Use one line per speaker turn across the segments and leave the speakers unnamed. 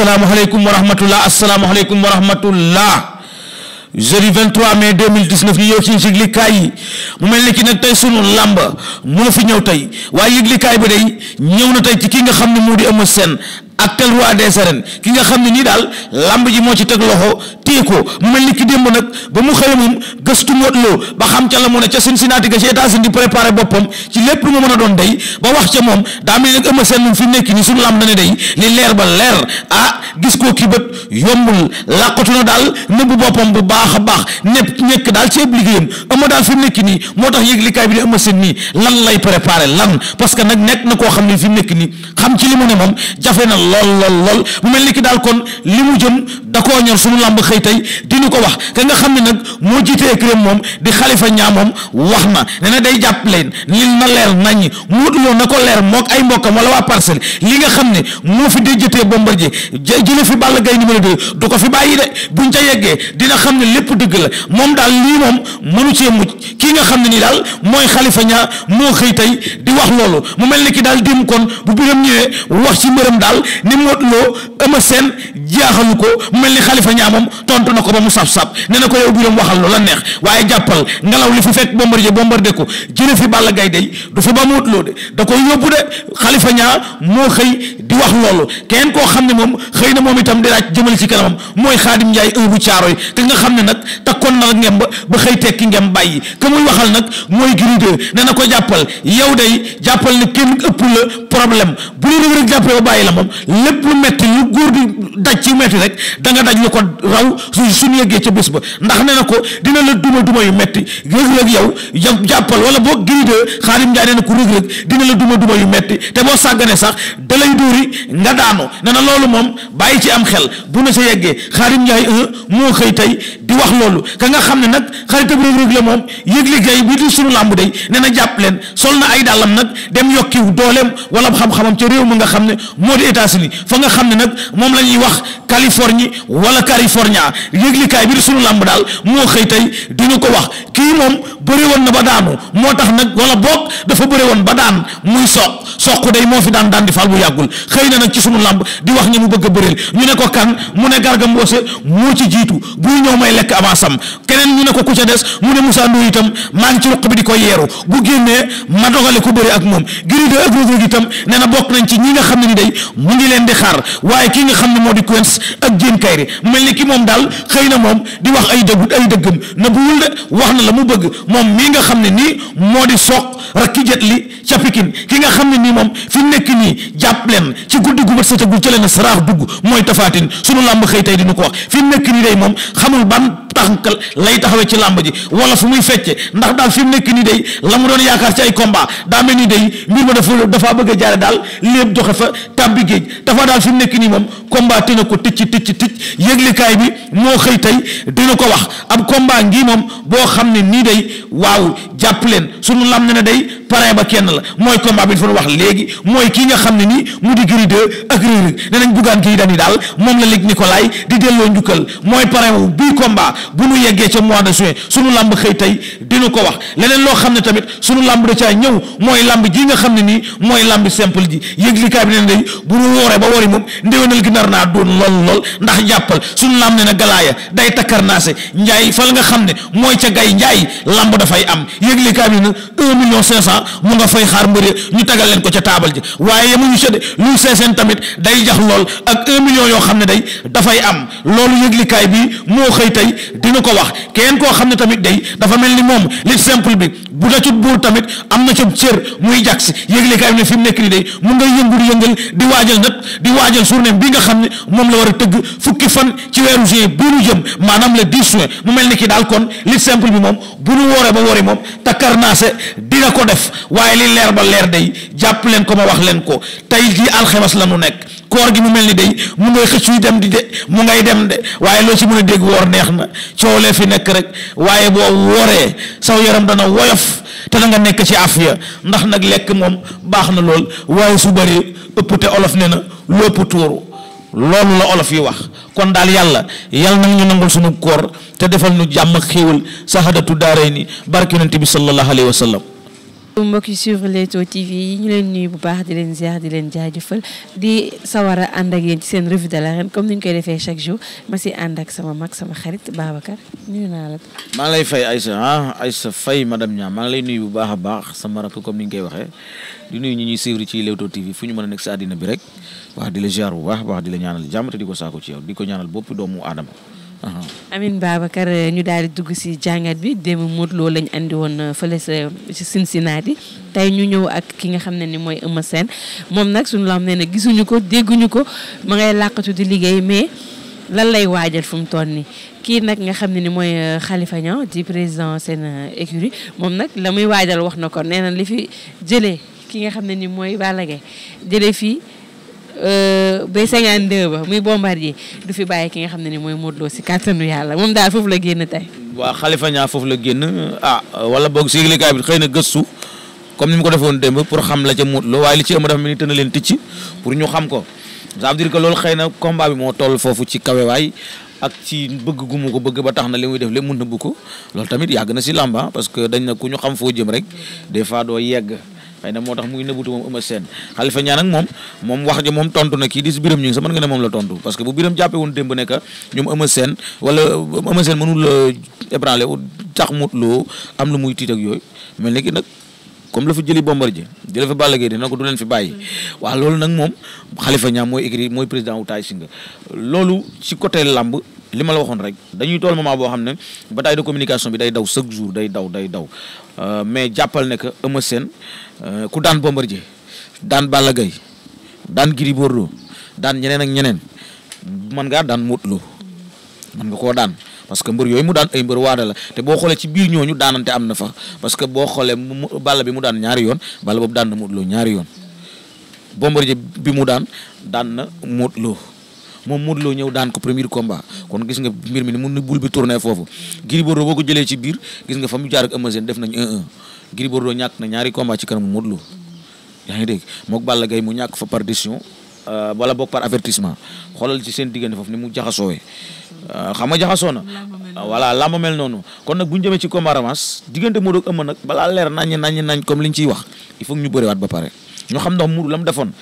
asalaamaaleykum wa rahmatullah asalaamaaleykum wa rahmatullah jeudi 23 mai 2019 ñu ñëw ci yëglikaay yi mu mel ni ki nag tey sunu làmb moo fi ñëw tey waaye yëglikaay bi day ñëw na tey ci ki nga xam ne moo di Eumeu seen ak tel roi des arènes ki nga xam ne nii daal làmb ji moo ci teg loxo téye ko mu mel ni ki démb nag ba mu xëy moom gëstu ba a ba wax ca moom daa mel ni nag Eumeu Sène moom fi nekk ni suñu li leer ba leer ah daal a baax nepp nekk ci ëpp liggéeyam daal fi nekk nii na koo xam moom jafe na lool lool lool mu mel ni ki daal kon li mu jëm da koo ñor suñu làmb xëy tey dina ko wax ka nga xam ne nag moo jiite écurie moom di xalifa ñaa moom wax na ne na day jàpp leen li na leer naññ Modou Lo na ko leer mook ay mbokkam wala waa parcelle li nga xam ne moo fi déjjatee Bombardier jële fi Balla Gaye numéro 2 du ko fi bàyyi de buñ ca yeggee dina xam ne lépp dëgg la moom daal lii moom mënu cee mucc kii nga xam ne nii daal mooy xalifa ñaa moo xëy tey di wax loolu mu mel ne kii daal di démb kon bu biram ñëwee wax ci mbërëm daal ni Modou Lo Eumeu Sène jaaxalu ko mel ni xalifa ñaa moom tontu na ko ba mu sab-sab ne na ko yow biram waxal loola neex waaye jàppal ngelaw li fi fekk Bombardier Bombardier ko jële fi Balla Gaye day du fi ba muut loo de da koy yóbbu de xalifa ñaa moo xëy di wax loolu kenn koo xam ne moom xëy na moom itam di laaj jëmal ci kanamam mooy Xaadim Njaay un bu caaro yi ka nga xam ne nag takkoon na ngem ba ba xëy tekki ngem bàyyi ka muy waxal nag mooy Gris de ne na ko jàppal yow day jàppal ne kenn ëpp la problème bu lu Reug Reug jàppale ba la moom lépp lu metti lu góor nga daj lu ko raw su suñu yëggee ca bés ba ndax nee na ko dina la duma duma yu metti rëg-rëg yow jàppal wala boo Gris 2 Xaadim Njaay nee na ko rëg-rëg dina la duma duma yu metti te boo sàggane sax da lay dóori nga daanu nee na loolu moom bàyyi ci am xel bu na sa yeggee Xaadim Njaay moo xëy tey di wax loolu ka nga xam ne nag xaritab Reug Reug la moom yëgle gay bi di sunu làmb day nee na jàpp leen sol na ay dàllam nag dem yokkiw dooleem wala xam-xamam ca réew mu nga xam ne moo di États-Unis fa nga xam ne nag la ñuy wax Californie wala California yëglikaay bi di sunu làmb daal moo xëy tey duñu ko wax kii moom bëri na ba daanu moo tax nag wala boog dafa bëri woon ba daan muy soq soq day moo fi daan daan di faal bu yàggul xëy na nag ci sunu làmb di wax ñu mu bëgg a bëril ñu ne ko kan mu ne garga moo ci nekk avance keneen ñu ne ko ku ca des mu ne Moussa Ndoye maa ngi ci ruq bi di ko yeeru bu génnee ma dogale ko bëri ak moom Gris 2 ak Reug Reug itam na bokk nañ ci ñi nga xam ne ni mu ngi leen di xaar waaye kii nga xam ne moo di Quench ak Diène Kaïré mel ni ki moom daal xëy na moom di wax ay dëgg ay dëggam na bu wul de wax na la mu bëgg moom mii nga xam ne nii moo di soq rakki jet ca Pikine ki nga xam ne nii moom fi nekk nii jàpp leen ci guddi gu bët setagul ca leen saraax dugg mooy tafaatin sunu làmb xëy tey dinu ko wax fi nekk nii day moom xamul ban tax lay taxawee ci làmb ji wala fu muy fecce ndax daal fi mu nekk nii day la mu doon yaakaar ci ay combat daa mel ni mbir ma dafa dafa a jaare daal léeb joxe fa tàbbi géej dafa daal fi nekk nii moom combat te na ko tëcc tëcc tëcc yëglikaay bi moo xëy tey dina ko wax ab combat ngi moom boo xam ne nii day waaw jàpp leen su lam ne ne day parrain ba kenn la mooy combat bi dafa wax léegi mooy kii nga xam ne nii mu di Gris 2 ak Reug Reug ne nañ buggaan kii daal moom la lig Nicolas di delloo bu nu yeggee ca mois de juin sunu làmb xëy tey dinu ko wax leneen loo xam ne tamit sunu làmb da caa ñëw mooy làmb ji nga xam ne nii mooy làmb simple ji yëglikaay bi ne day bu nu wooree ba wori moom ndéwénal gi nar naa doon lool lool ndax jàppal sunu làmb ne na galaaya day se njaay fal nga xam ne mooy ca gay njaay làmb dafay am yëglikaay bi ne un million cinq cent mu nga fay xaar mbëre ñu tagal leen ko ca taabal ji waaye yemuñu ca de luy seeseen tamit day jax lool ak yoo xam ne day dafay am loolu bi moo xëy dina ko wax keneen koo xam ne tamit day dafa mel ni moom li simple bi bu na cut buur tamit am na ca cër muy jagsi yéegle kaay am ne fi mu nekk nii day mun ngay yëngu di yëngal di waajal nag di waajal journée bi nga xam ne moom la war a tëgg fukki fan ci weeru juin bu ñu jëm maanaam la 10 juin mu mel ni ki daal kon li simple bi moom bu ñu wooree ba wooree moom takkar naase dina ko def waaye li leer ba leer day jàpp leen ko ma wax leen ko tey jii alxemes la nu nekk koor gi mu mel ni day mu ngay xëccuy dem di de mu ngay dem de waaye loo ci mën a dégg woor neex na coolee fi nekk rek waaye boo wooree saw yaram dana woyof te da nga nekk ci afiya ndax nag lekk moom baax na lool waaye su bëri ëpp te olof ne na lépp tuuru loolu la olof yi wax kon daal yàlla yàlla nag ñu nangul suñu koor te defal nu jàmm xéewal
sahadatu daaray ni barke yonent bi sallallahu alayhi wa sallam
mbokk yi suivre Leewtoo TV yi ñu leen nuyu bu baax di leen ziar di leen jaajëfal di sawar a ànd ak yéen ci seen revue de l'arène comme ni ñu koy defee chaque jour ma si ànd ak sama mag sama xarit Babacar nuyu naa la.
maa ngi lay fay Aïssa ah Aïssa Faye madame Niang lay nuyu bu baax a baax sama rakk comme ni ñu koy waxee di nuyu ñu ñuy suivre ci Leewtoo TV fu ñu mën nekk si àddina bi rek wax di la ziar bu baax baax di la ñaanal jàmm te di ko saako ci yow di ko ñaanal bopp doomu aadama. Uh-huh.
Amin Babacar eh, ñu daal di dugg si jàngat bi démb Modou Lo lañ andi woon eh, fële sa ci Cincinnati tey ñu ñëw ak ki nga xam ne ni mooy Eumeu seen moom nag suñu la am nee gisuñu ko dégguñu ko ma ngay làqatu di liggéey mais lan lay waajal fum ton ni kii nag nga xam ne ni mooy eh, Khalifa Niang di président seen écurie moom nag la muy waajal wax na ko nee na li fi jëlee ki nga xam ne ni mooy Balla Gaye fii. Euh, B52 ba muy bombardier du fi bàyyi ki nga xam ne ni mooy Modou Lo si kàttanu yàlla moom daal foofu la génn tey. waa
Khalifa Niang foofu la génn ah wala boog si yëglekaay bi xëy na gëstu comme ni mu ko defoon démb pour xam la ca Modou Lo waaye li ci ëmb dafa mel leen ticc pour ñu xam ko ça veut dire loolu xëy na combat bi moo toll foofu ci kawewaay ak ci bëgg gu mu ko bëgg ba tax na li muy def lépp mun na bu ko loolu tamit yàgg na si làmba ah, parce que dañ na ku ñu xam foo jëm rek xëy na moo tax muy nëbutu moom Eumeu Sène Khalifa Niang ak moom moom wax ja moom tontu na kii di biram ñu sa mën nga moom la tontu parce que bu biram jàppee woon démb nekka ñoom a Sène wala Eumeu Sène a ébranlé tax mutloo am lu muy tiit yooyu mais léegi nag comme la fi jëli Bombardier jële fi Balla Gaye dina ko du leen fi bàyyi waaw loolu nag moom Khalifa Niang mooy écrit mooy président wu Tay loolu ci côté làmb li ma la waxoon rek dañuy toll moment boo xam ne bataille de communication bi day daw chaque jour day daw day daw euh, mais jàppal ne que Eumeu Sène euh, ku daan Bombardier daan Balla Gaye daan Gris Bordeaux daan ñeneen ak ñeneen mën ngaa daan Modou man nga koo daan parce que mbër yooyu mu daan ay mbër waada la te boo xoolee ci biir ñooñu daanante am na fa parce que boo xoolee mu Balla bi mu daan ñaari yoon Balla boobu daan na Modou ñaari yoon Bombardier bi mu daan daan na Modou moom Modou ñëw daan ko premier combat kon gis nga mbir mi ni mun bul bi tourné foofu Gris Bordeaux boo ko jëlee ci biir gis nga fa mu jaar ak Eumeu Sène def nañ 1-1 Gris na ñaari combat ci kanamu Modou Lo yaa ngi dégg mook Balla Gaye mu ñàkk fa par décision euh, wala boog par avertissement xoolal ci seen diggante foofu ni mu jaxasoowee euh, xam nga jaxasoo na voilà làmb mel noonu kon nag bu ñu jëmee ci combat revanche diggante Modou ak Eumeu nag balaa leer nañ nañ nañ comme li ñu ciy wax il faut ñu bëriwaat ba pare ñu xam ndax Modou la mu defoon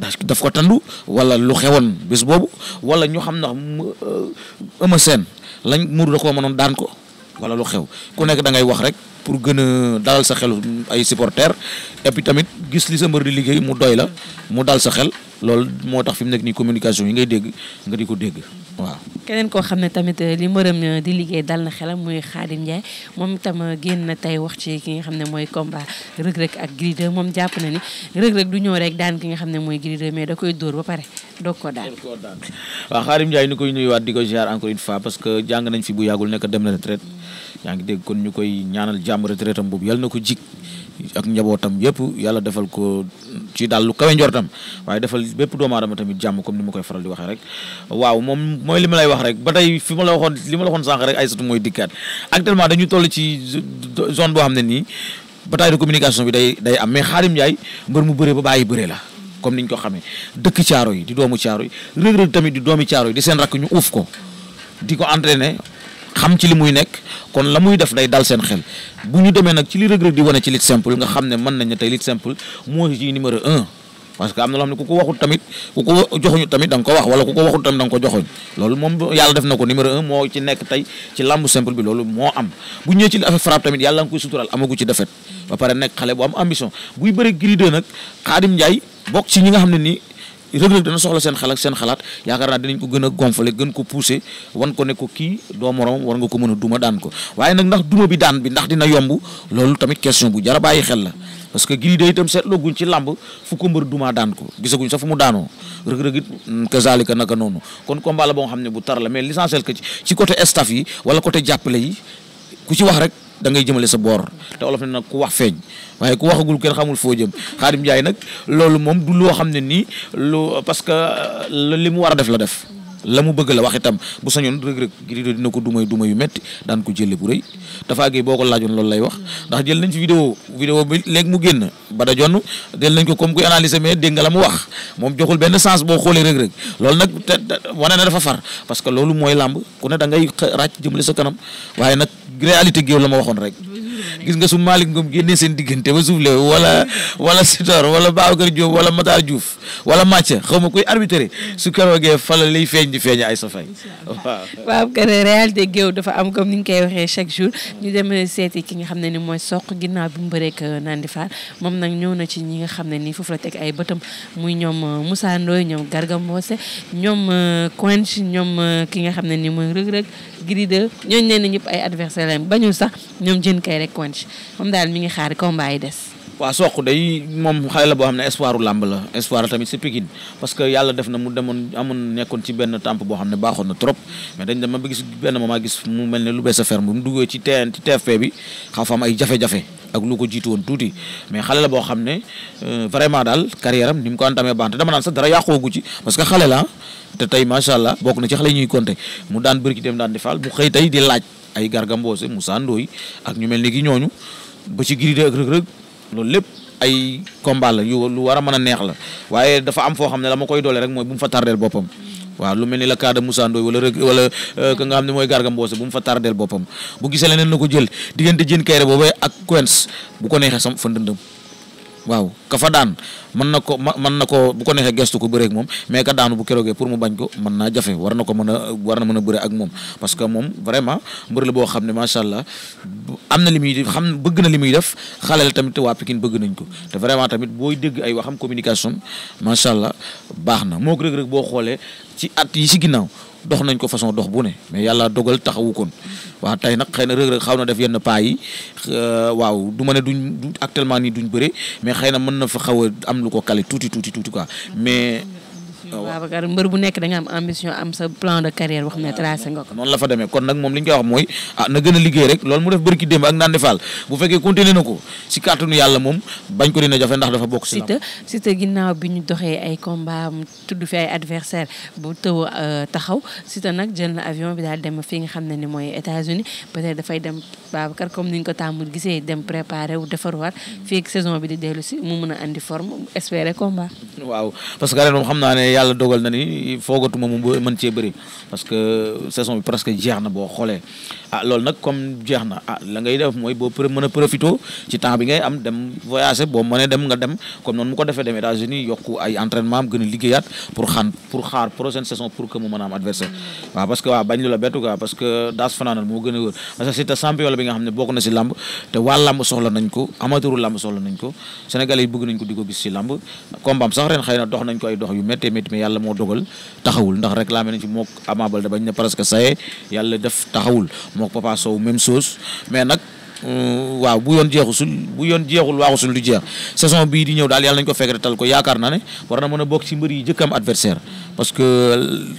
daf ko tandu wala lu xewoon bés boobu wala ñu xam ndax euh, Eumeu Sène lañ Modou da koo mënoon daan ko wala lu xew ku nekk da ngay wax rek pour gën a dalal sa xel ay supporters et tamit gis li sa mbër di liggéey mu doy la mu dal sa xel loolu moo tax fi mu nekk nii communication yi ngay dégg nga di ko dégg waaw.
keneen koo xam ne tamit eh, li mbërëm eh, di liggéey dal na xelam muy Khadim Ndiaye moom itam eh, génn na tey wax ci ki nga xam ne mooy combat Reug Reug ak Gris 2 moom jàpp na ni Reug Reug du ñëw rek daan ki nga xam ne mooy Gris mais da koy dóor ba pare doog koo daan.
waaw Khadim Ndiaye ñu koy nuyuwaat di ko ziar encore une fois parce que jàng nañ fi bu yàggul nekk dem na retraite yaa ngi dégg kon ñu koy ñaanal jàmm retraite am boobu yal na ko jig ak njabootam yëpp yàlla defal ko ci daal lu kawe njortam tamit jàmm comme ni ma koy faral di waxee rek waaw moom mooy li wax rek ba tey fi ma la waxoon li ma la waxoon sànq rek ay satu mooy dikkaat actuellement dañu toll ci zone boo xam ne nii bataille de communication bi day day am mais Xaadim Ndiaye mbër mu bëree ba bàyyi bëree la comme niñ ko xamee dëkk caaro yi di doomu caaro yi Reug Reug tamit di doomi caaro yi di seen rakk ñu uuf ko di xam ci li muy nekk kon la muy def day dal seen xel bu ñu demee nag ci li rëg-rëg di wane ci lutte simple nga xam ne mën nañ tey lutte simple moo ci numéro un parce que am na loo xam ne ku ko waxul tamit ku ko joxuñu tamit da ko wax wala ku ko waxul tamit da ko joxuñ loolu moom yàlla def na ko numéro un moo ci nekk tey ci lamb simple bi loolu moo am bu ñëwee ci affaire frappe tamit yàlla nga koy sutural amagu ci defet ba pare nekk xale bu rëg-rëg dana soxla seen xel ak seen xalaat yaakaar naa dinañ ko gën a gonfler gën ko pousser wan ko ne kii doo moroom war nga ko mën a duma daan ko waaye nag ndax duma bi daan bi ndax dina yomb loolu tamit question bu jara bàyyi xel la parce que giri day itam seetloo guñ ci làmb fu ko mbër dumaa daan ko gisaguñ sax fu mu daanoo rëg-rëg it mm, kazalika naka noonu kon combat la boo xam ne bu tar la mais l'essentiel que ci côté staff yi jàppale yi ku ci wax rek da ngay jëmale sa boor te olof na nag ku wax feeñ waaye ku waxagul kenn xamul foo jëm Xaadim Njaay nag loolu moom du loo xam ne nii lu parce que euh, li mu war a def la def la mu bëgg la wax itam bu sañoon rëg-rëg Gris 2 dina ko dumay duma yu metti daan ko jële bu rëy Tapha boo ko laajoon loolu lay wax ndax jël nañ fi vidéo vidéo bi léegi mu génn ba da jonn jël nañ ko comme kuy analyser mais dégg nga la mu wax moom joxul benn sens boo xoolee rëg-rëg loolu nag wane na dafa far parce que loolu mooy làmb ku ne dangay ràcc jëmale sa kanam waaye nag réalité géew la ma waxoon rek gis nga su Malick Ngom génnee seen diggante ba suufle wala wala Sitor wala Babacar Diop wala Matar Diouf wala Mathieu xaw ma koy arbitré su keroogee fala liy feeñ di feeñ ay sa fay waaw waaw kër
de géew dafa am comme ni ñu koy waxee chaque jour ñu dem seeti ki nga xam ne ni mooy soq ginnaaw bi mu bëreek euh, Nandi Fall moom nag ñëw na ci ñi nga xam ne nii foofu la teg ay bëtam muy ñoom euh, Moussa Ndoye ñoom Garga Mbossé ñoom euh, Quench ñoom ki nga xam ne nii mooy Reug Reug Gris ñoom jën punch moom daal mi ngi xaar combat yi des.
waaw soq day moom xale la boo xam ne espoiru làmb la espoir tamit si Pikine parce que yàlla def na mu demoon amoon nekkoon ci benn temps boo xam ne baaxoon na trop mais a xale la boo xam ne euh, vraiment daal carrière am ni mu ko entamé baax dama naan sax dara yàqoogu ci parce que xale la te tey macha allah bokk na ci xale ñuy compter mu daan bëri daan di faal mu xëy tey di laaj. ay gargamboose Mbossé Moussa ak ñu mel ni ki ñooñu ba ci Gris ak Reug Reug loolu lépp ay combat la yu lu war a mën a neex la waaye dafa am foo xam ne la ma koy doole rek mooy bu mu fa tardeel boppam waaw lu mel ni la cas de Moussa rek wala ka euh, nga xam ne mooy Garga Mbossé bu mu fa tardeel boppam bu gisee leneen na ko jël diggante jën kayre boobee ak Quench bu ko neexee sam fa ndëndëm waaw kafa daan mën na ko mën na ko bu ko neexee gestu ko bëreek moom mais ka daanu bu keroogee pour mu bañ ko mën naa jafe war na ko mën a war na mën a bëre ak moom parce que moom vraiment mbër la boo xam ne macha allah am na li muy xam bëgg na li muy def xale la tamit waa Pikine bëgg nañ ko te vraiment tamit booy dégg ay waxam communication macha allah baax na moo ko rëg-rëg boo xoolee ci at yi si ginnaaw dox nañ ko façon dox bu ne mais yàlla dogal taxawu kon waaw tey nag xëy na Reug xaw na def yenn pas yi waaw du ma ne duñ actuellement nii duñ bëre mais xëy na mën na fa xaw a am lu ko kale tuuti tuuti tuuti quoi mais.
Babacar mbër bu nekk da nga am ambition am sa plan de carrière boo xam ne tracé nga ko
noonu la fa demee kon nag moom li ñu koy wax mooy ah na gën a liggéey rek loolu mu def bërki démb ak Ndande Fall bu fekkee continué na ko si kàttanu yàlla moom bañ ko dina jafe ndax dafa bokk si Siteu
Siteu ginnaaw bi ñu doxee ay combat mu tudd fi ay adversaire bu tëw euh, taxaw Siteu nag jël na avion bi daal dem fi nga xam ne ni mooy États-Unis peut-être dafay dem Babacar comme ni ñu ko tàmmul gisee dem préparé wu defarwaat fii ak saison bi di dellu si mu mën a andi forme espérer combat
waaw parce que ren moom xam naa ne yàlla dogal foogatuma mu mën cee bëri parce que saison bi presque jeex boo xoolee ah loolu nag comme jeex na ah, la ngay def mooy boo pr mën ci temps bi ngay am dem voyager boo mënee dem nga dem comme noonu mu ko defee dem États-Unis yokku ay entraînement am gën a pour xaan pour xaar prochaine saison pour que mu mën am adversaire mm. waaw parce que waaw bañ lu la bettu quoi parce que daas fanaanal moo gën wër parce que c'est champion la bi nga xam yàlla moo dogal taxawul ndax rek laa mel ni ci mook Ama Baldé bañ na presque saye yàlla def taxawul mook Papa Sow même chose mais nag euh, waaw bu yoon jeexusul bu yoon jeexul waaxusul du jeex saison bii di ñëw daal yàlla nañu ko fekk tal ko yaakaar naa ne war na mën a bokk ci mbër yi jëkk am adversaire parce que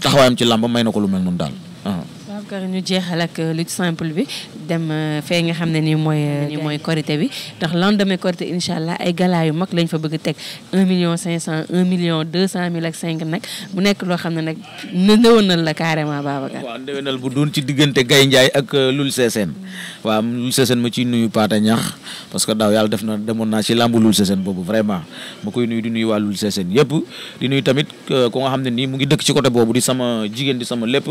taxawaayam ci làmba may na ko lu mel noonu daal ah.
encore ñu jeexal ak euh, lutte simple bi dem euh, fee nga ne nii mooy euh, nii bi ndax lendemain korité incha allah ay gala yu mag lañ fa bëgg teg 1 million 500 1 million 200 mille ak 5 nag nekk loo xam ne nag ndëwënal la carrément Babacar. waaw
ndëwënal bu doon ci diggante Gaye ak Lul Sessène waaw Lul Sessène ma ciy nuyu Paata Ñax parce que daaw yàlla def na demoon naa ci làmbu Lul Sessène boobu vraiment ma koy nuyu di nuyu waa Lul Sessène yëpp di nuyu tamit ko nga xam ne nii mu ngi dëkk ci côté boobu di sama jigéen di sama lépp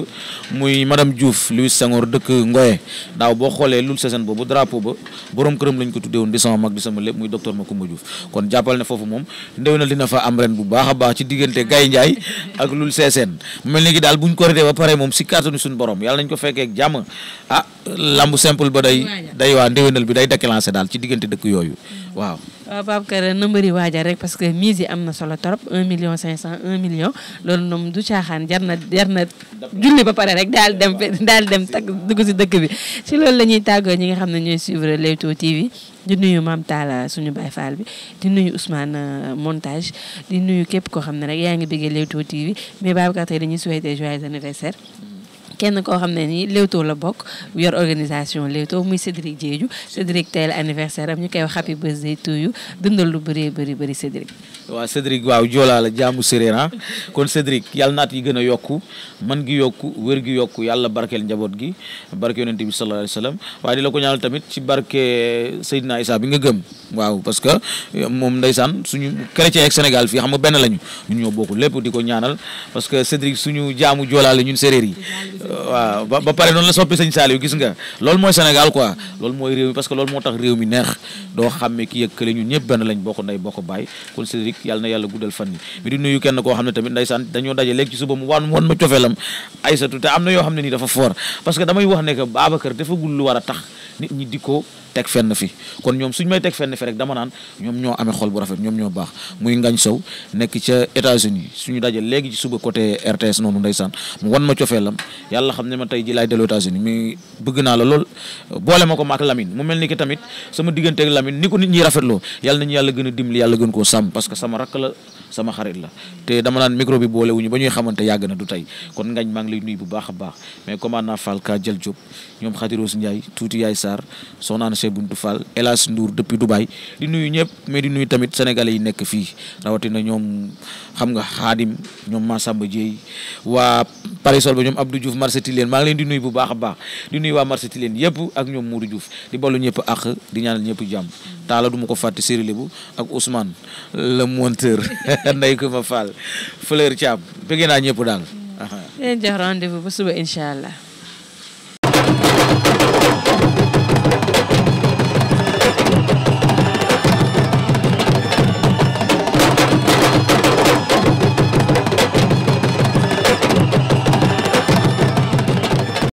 muy madame Diouf Louis dëkk Ngoye daaw boo xoolee lul saison boobu drapeau ba borom këram lañ ko tuddee woon di sama mag di sama lépp muy docteur Macoumba Diouf kon jàppal ne foofu moom ndewenal dina fa am ren bu baax baax ci diggante Gaye ak lul seeseen mel ni ki daal buñ ko rété ba pare moom si kàttanu suñu borom yàlla nañ ko fekkee ak ah lamb simple ba day day waa ndéwénal bi day déclenché daal ci diggante dëkk yooyu mm-hmm. waaw
waaw Babacar na mbëri waajal rek parce que mise yi am na solo trop un million cinq cent un million loolu moom du caaxaan jar na jar na julli ba pare rek daal dem daal dem takk dugg si dëkk bi si loolu la ñuy tàggoo ñi nga xam ne ñooy suivre Leewtoo TV di nuyu Maam Talla suñu Baay Faal bi di nuyu Ousmane euh, montage di nuyu képp koo xam ne rek yaa ngi bëggee Leewtoo TV mais Babacar tey dañuy souhaiter joyeux anniversaire kenn koo xam ne nii Leewtoo la bokk yor organisation Leewtoo muy Cédric Diédhiou Cédric tey la anniversaire am ñu koy wax happy birthday to you dundal lu bëree bëri bëri Cédric.
waaw Cédric waaw joolaa jaamu séréer kon Cédric yàlla naat yi gën a yokku man gi yokku wér gi yokku yàlla barkeel njaboot gi barke yonent bi sallallahu alayhi wa sallam waaye di la ko ñaanal tamit bi nga gëm waaw parce que eh, moom ndeysaan suñu chrétien ak Sénégal fii xam nga benn lañu ñun ñoo bokk lépp di ko ñaanal parce que Cédric suñu jaamu joolaa la ñun séréer yi waaw ba pare noonu la soppi sëñ Saliou gis nga loolu mooy Sénégal quoi loolu mooy réew mi parce que loolu moo tax réew mi neex doo xàmme ki yëkkale ñun ñëpp benn lañ bokk ndey bokk bàyyi kon Cédric yàlla na yàlla guddal fan yi mi di nuyu kenn koo xam ne tamit ndeysaan dañoo daje léegi ci suba mu wan woon ma cofeelam Aïssatou te am na yoo xam ne nii dafa foor parce que damay wax ne que Babacar dafa gul war a tax nit ñi di ko teg fenn fi kon ñoom suñ may teg fenn fi rek dama naan ñoom ñoo amee xol bu rafet ñoom ñoo baax muy ngañ sow nekk ca États-Unis suñu daje léegi ci suba côté RTS noonu ndeysaan mu wan ma cofeelam yàlla xam ne ma tey ji laay dellu États-Unis mais bëgg naa la lool boole ma ko maak Lamine mu mel ni ki tamit sama digganteeg Lamine ni ko nit ñi loo yàlla nañu yàlla gën a dimbali yàlla gën koo sàmm parce que sama rakk la sama xarit la te dama naan micro bi boole ba ñuy xamante yàgg na du tey kon ngañ maa ngi lay nuyu bu baax a baax mais commande naa Falka jël Diop ñoom Sarr soxna Anna Cheikh Bintou Fall El Hadj Ndour depuis Dubaï di nuyu ñëpp mais di nuyu tamit sénégalais yi nekk fii rawatina ñoom xam nga xaadim ñoom Massamba Dieye waa Parisol ba ñoom Abdou Diouf marché Tilène maa ngi leen di nuyu bu baax baax di nuyu waa marché Tilène yëpp ak ñoom Mourou Diouf di ballu ñëpp ak di ñaanal ñëpp jàmm taala du ma ko fàtte Serigne Lebou ak Ousmane le monteur nday ko ma Fall Fleur Thiam bëgg naa ñëpp daal.
ba suba incha allah.